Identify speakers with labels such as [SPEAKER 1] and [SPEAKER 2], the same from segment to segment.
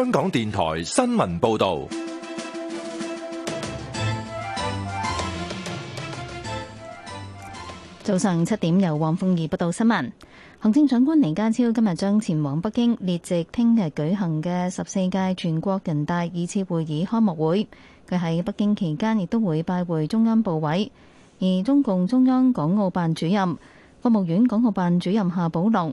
[SPEAKER 1] 香港電台新聞報道，
[SPEAKER 2] 早上七點由黃鳳儀報道新聞。行政長官李家超今日將前往北京，列席聽日舉行嘅十四屆全國人大二次會議開幕會。佢喺北京期間亦都會拜會中央部委，而中共中央港澳辦主任、國務院港澳辦主任夏寶龍。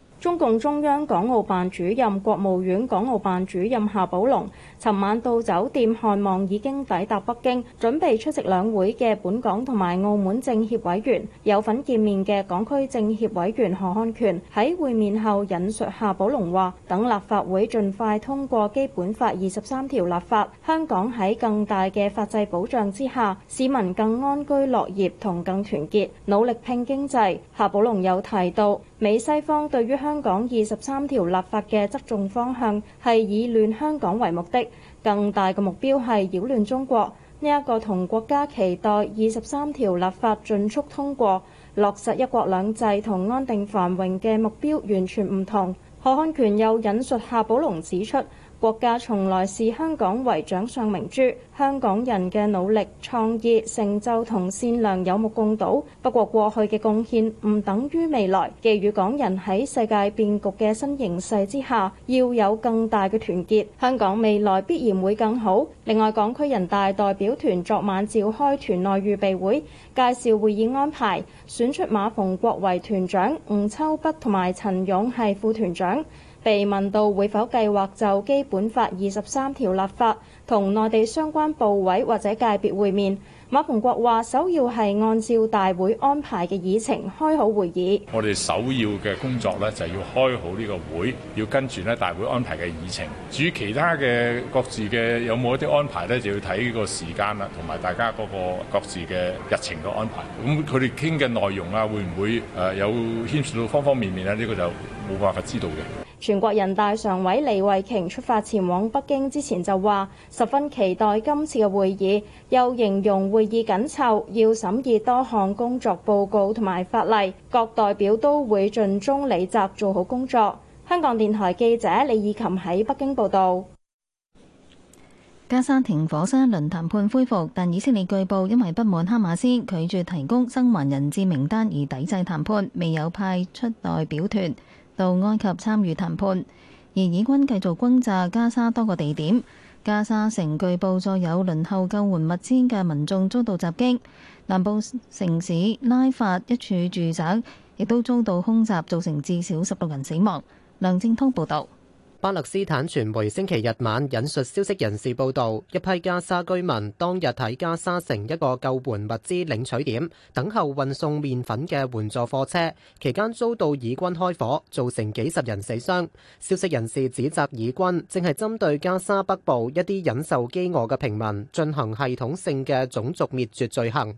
[SPEAKER 3] 中共中央港澳辦主任、國務院港澳辦主任夏寶龍尋晚到酒店看望已經抵達北京準備出席兩會嘅本港同埋澳門政協委員，有份見面嘅港區政協委員何漢權喺會面後引述夏寶龍話，等立法會盡快通過基本法二十三條立法，香港喺更大嘅法制保障之下，市民更安居樂業同更團結，努力拼經濟。夏寶龍有提到。美西方對於香港二十三條立法嘅側重方向係以亂香港為目的，更大嘅目標係擾亂中國。呢一個同國家期待二十三條立法迅速通過，落實一國兩制同安定繁榮嘅目標完全唔同。何漢權又引述夏寶龍指出。國家從來視香港為掌上明珠，香港人嘅努力、創意、成就同善良有目共睹。不過過去嘅貢獻唔等於未來，寄予港人喺世界變局嘅新形勢之下要有更大嘅團結，香港未來必然會更好。另外，港區人大代表團昨晚召開團內預備會，介紹會議安排，選出馬逢國為團長，吳秋北同埋陳勇係副團長。被問到會否計劃就基本法二十三條立法同內地相關部委或者界別會面，馬逢國話：首要係按照大會安排嘅議程開好會議。
[SPEAKER 1] 我哋首要嘅工作咧就要開好呢個會，要跟住咧大會安排嘅議程。至於其他嘅各自嘅有冇一啲安排咧，就要睇呢個時間啦，同埋大家嗰個各自嘅日程嘅安排。咁佢哋傾嘅內容啊，會唔會誒有牽涉到方方面面咧？呢個就冇辦法知道嘅。
[SPEAKER 3] 全國人大常委李慧瓊，出發前往北京之前就話十分期待今次嘅會議，又形容會議緊湊，要審議多項工作報告同埋法例。各代表都會盡忠履責，做好工作。香港電台記者李怡琴喺北京報道。
[SPEAKER 2] 加沙停火新一輪談判恢復，但以色列據報因為不滿哈馬斯拒絕提供生還人質名單而抵制談判，未有派出代表團。到埃及參與談判，而以軍繼續轟炸加沙多個地點。加沙城據報再有輪候救援物資嘅民眾遭到襲擊，南部城市拉法一處住宅亦都遭到空襲，造成至少十六人死亡。梁正通報道。
[SPEAKER 1] 巴勒斯坦傳媒星期日晚引述消息人士報道，一批加沙居民當日喺加沙城一個救援物資領取點等候運送麵粉嘅援助貨車，期間遭到以軍開火，造成幾十人死傷。消息人士指責以軍正係針對加沙北部一啲忍受饑餓嘅平民，進行系統性嘅種族滅絕罪行。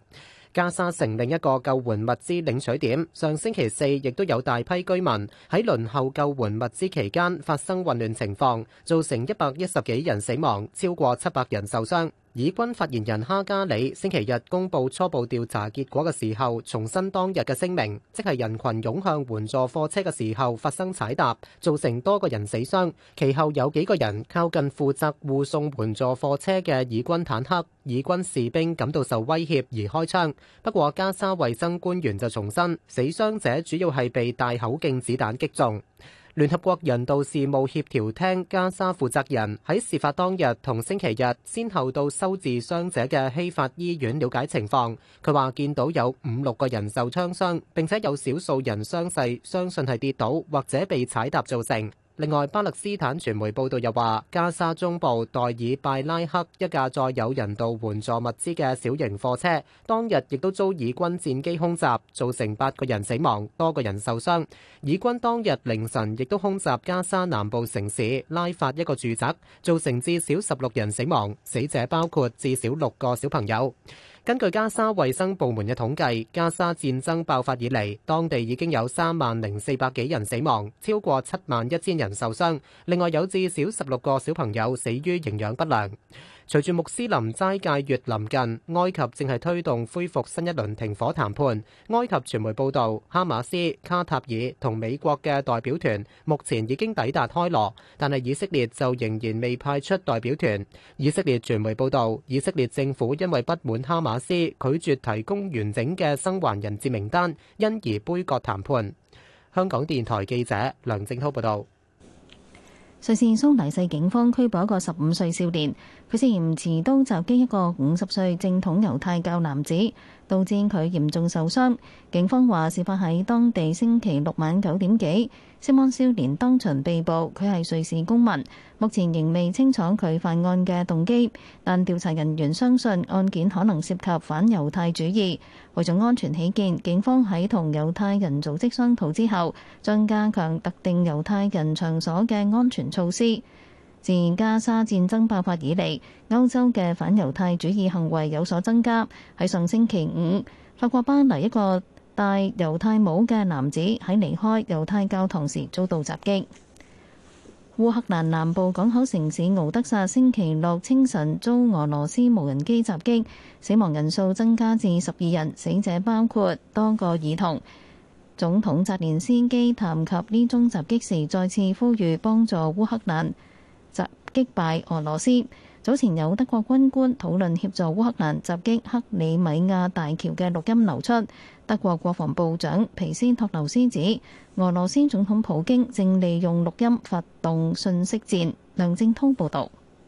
[SPEAKER 1] 加沙城另一個救援物資領取點，上星期四亦都有大批居民喺輪候救援物資期間發生混亂情況，造成一百一十幾人死亡，超過七百人受傷。以軍發言人哈加里星期日公布初步調查結果嘅時候，重申當日嘅聲明，即係人群湧向援助貨車嘅時候發生踩踏，造成多個人死傷。其後有幾個人靠近負責護送援助貨車嘅以軍坦克，以軍士兵感到受威脅而開槍。不過，加沙衛生官員就重申，死傷者主要係被大口徑子彈擊中。聯合國人道事務協調廳加沙負責人喺事發當日同星期日，先後到收治傷者嘅希法醫院了解情況。佢話見到有五六個人受槍傷，並且有少數人傷勢相信係跌倒或者被踩踏造成。另外，巴勒斯坦傳媒報道又話，加沙中部代爾拜拉克一架載有人道援助物資嘅小型貨車，當日亦都遭以軍戰機空襲，造成八個人死亡，多個人受傷。以軍當日凌晨亦都空襲加沙南部城市拉法一個住宅，造成至少十六人死亡，死者包括至少六個小朋友。根據加沙衛生部門嘅統計，加沙戰爭爆發以嚟，當地已經有三萬零四百幾人死亡，超過七萬一千人受傷，另外有至少十六個小朋友死於營養不良。隨住穆斯林齋戒月臨近，埃及正係推動恢復新一輪停火談判。埃及傳媒報導，哈馬斯、卡塔爾同美國嘅代表團目前已經抵達開羅，但係以色列就仍然未派出代表團。以色列傳媒報導，以色列政府因為不滿哈馬斯拒絕提供完整嘅生還人質名單，因而杯葛談判。香港電台記者梁正滔報道。
[SPEAKER 2] 瑞士蘇黎世警方拘捕一個十五歲少年，佢涉嫌持刀襲擊一個五十歲正統猶太教男子。導致佢嚴重受傷。警方話，事發喺當地星期六晚九點幾。涉案少年當場被捕，佢係瑞士公民，目前仍未清楚佢犯案嘅動機。但調查人員相信案件可能涉及反猶太主義。為咗安全起見，警方喺同猶太人組織商討之後，將加強特定猶太人場所嘅安全措施。自加沙戰爭爆發以嚟，歐洲嘅反猶太主義行為有所增加。喺上星期五，法國巴黎一個戴猶太帽嘅男子喺離開猶太教堂時遭到襲擊。烏克蘭南部港口城市敖德薩星期六清晨遭俄羅斯無人機襲擊，死亡人數增加至十二人，死者包括多個兒童。總統澤連斯基談及呢宗襲擊時，再次呼籲幫助烏克蘭。擊敗俄羅斯。早前有德國軍官討論協助烏克蘭襲擊克里米亞大橋嘅錄音流出。德國國防部長皮斯托留斯指，俄羅斯總統普京正利用錄音發動信息戰。梁正通報道。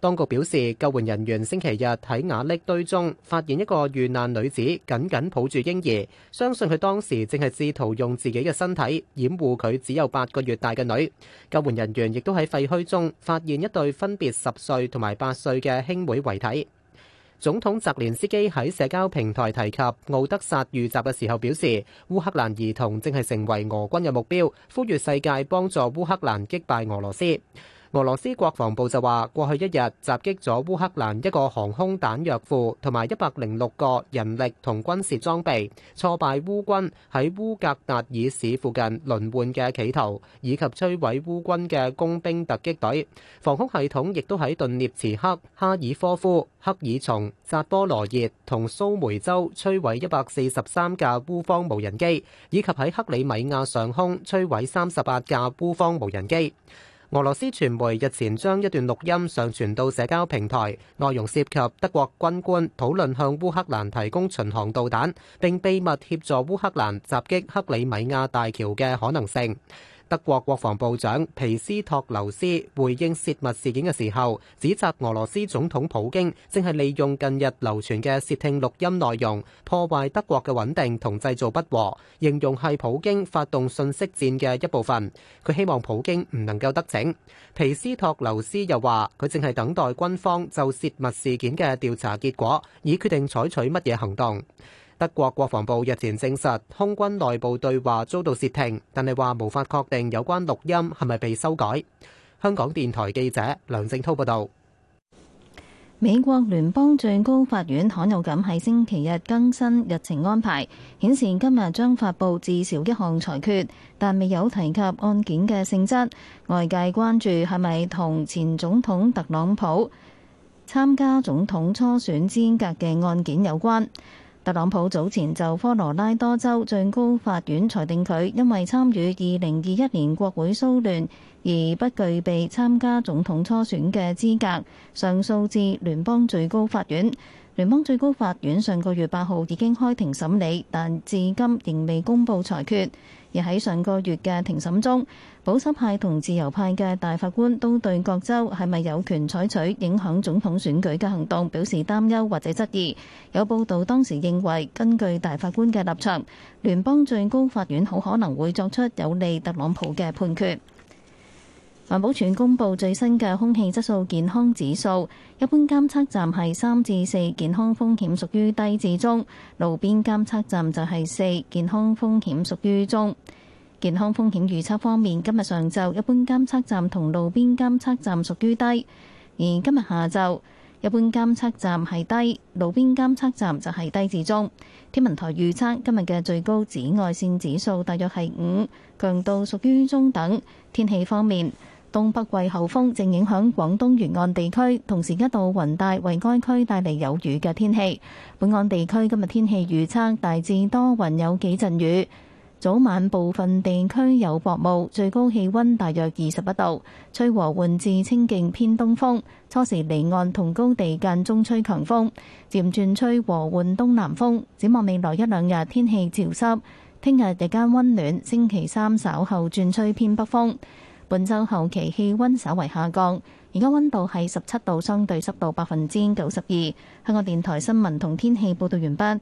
[SPEAKER 1] 當局表示，救援人員星期日喺瓦礫堆中發現一個遇難女子，緊緊抱住嬰兒，相信佢當時正係試圖用自己嘅身體掩護佢只有八個月大嘅女。救援人員亦都喺廢墟中發現一對分別十歲同埋八歲嘅兄妹遺體。總統澤連斯基喺社交平台提及奧德薩遇襲嘅時候表示，烏克蘭兒童正係成為俄軍嘅目標，呼籲世界幫助烏克蘭擊敗俄羅斯。俄羅斯國防部就話，過去一日襲擊咗烏克蘭一個航空彈藥庫，同埋一百零六個人力同軍事裝備，挫敗烏軍喺烏格達爾市附近輪換嘅企圖，以及摧毀烏軍嘅工兵突擊隊。防空系統亦都喺頓涅茨克、哈爾科夫、克爾松、扎波羅熱同蘇梅州摧毀一百四十三架烏方無人機，以及喺克里米亞上空摧毀三十八架烏方無人機。俄羅斯傳媒日前將一段錄音上傳到社交平台，內容涉及德國軍官討論向烏克蘭提供巡航導彈，並秘密協助烏克蘭襲擊克里米亞大橋嘅可能性。德國國防部長皮斯托留斯回應洩密事件嘅時候，指責俄羅斯總統普京正係利用近日流傳嘅竊聽錄音內容，破壞德國嘅穩定同製造不和，形容係普京發動信息戰嘅一部分。佢希望普京唔能夠得逞。皮斯托留斯又話，佢正係等待軍方就洩密事件嘅調查結果，以決定採取乜嘢行動。德國國防部日前證實空軍內部對話遭到竊聽，但係話無法確定有關錄音係咪被修改。香港電台記者梁正滔報導。
[SPEAKER 2] 美國聯邦最高法院罕有咁喺星期日更新日程安排，顯示今日將發布至少一項裁決，但未有提及案件嘅性質。外界關注係咪同前總統特朗普參加總統初選資格嘅案件有關。特朗普早前就科羅拉多州最高法院裁定佢因為參與二零二一年國會騷亂而不具備參加總統初選嘅資格，上訴至聯邦最高法院。聯邦最高法院上個月八號已經開庭審理，但至今仍未公布裁決。而喺上個月嘅庭審中，保守派同自由派嘅大法官都對各州係咪有權採取影響總統選舉嘅行動表示擔憂或者質疑。有報道當時認為，根據大法官嘅立場，聯邦最高法院好可能會作出有利特朗普嘅判決。環保署公布最新嘅空氣質素健康指數，一般監測站係三至四，健康風險屬於低至中；路邊監測站就係四，健康風險屬於中。健康風險預測方面，今日上晝一般監測站同路邊監測站屬於低，而今日下晝一般監測站係低，路邊監測站就係低至中。天文台預測今日嘅最高紫外線指數大約係五，強度屬於中等。天氣方面，東北季候風正影響廣東沿岸地區，同時一道雲帶為該區帶嚟有雨嘅天氣，本岸地區今日天氣預測大致多雲有幾陣雨，早晚部分地區有薄霧，最高氣溫大約二十一度，吹和緩至清勁偏東風，初時離岸同高地間中吹強風，漸轉吹和緩東南風，展望未來一兩日天氣潮濕，聽日日間溫暖，星期三稍後轉吹偏北風。本周後期氣溫稍為下降，而家溫度係十七度，相對濕度百分之九十二。香港電台新聞同天氣報道完畢。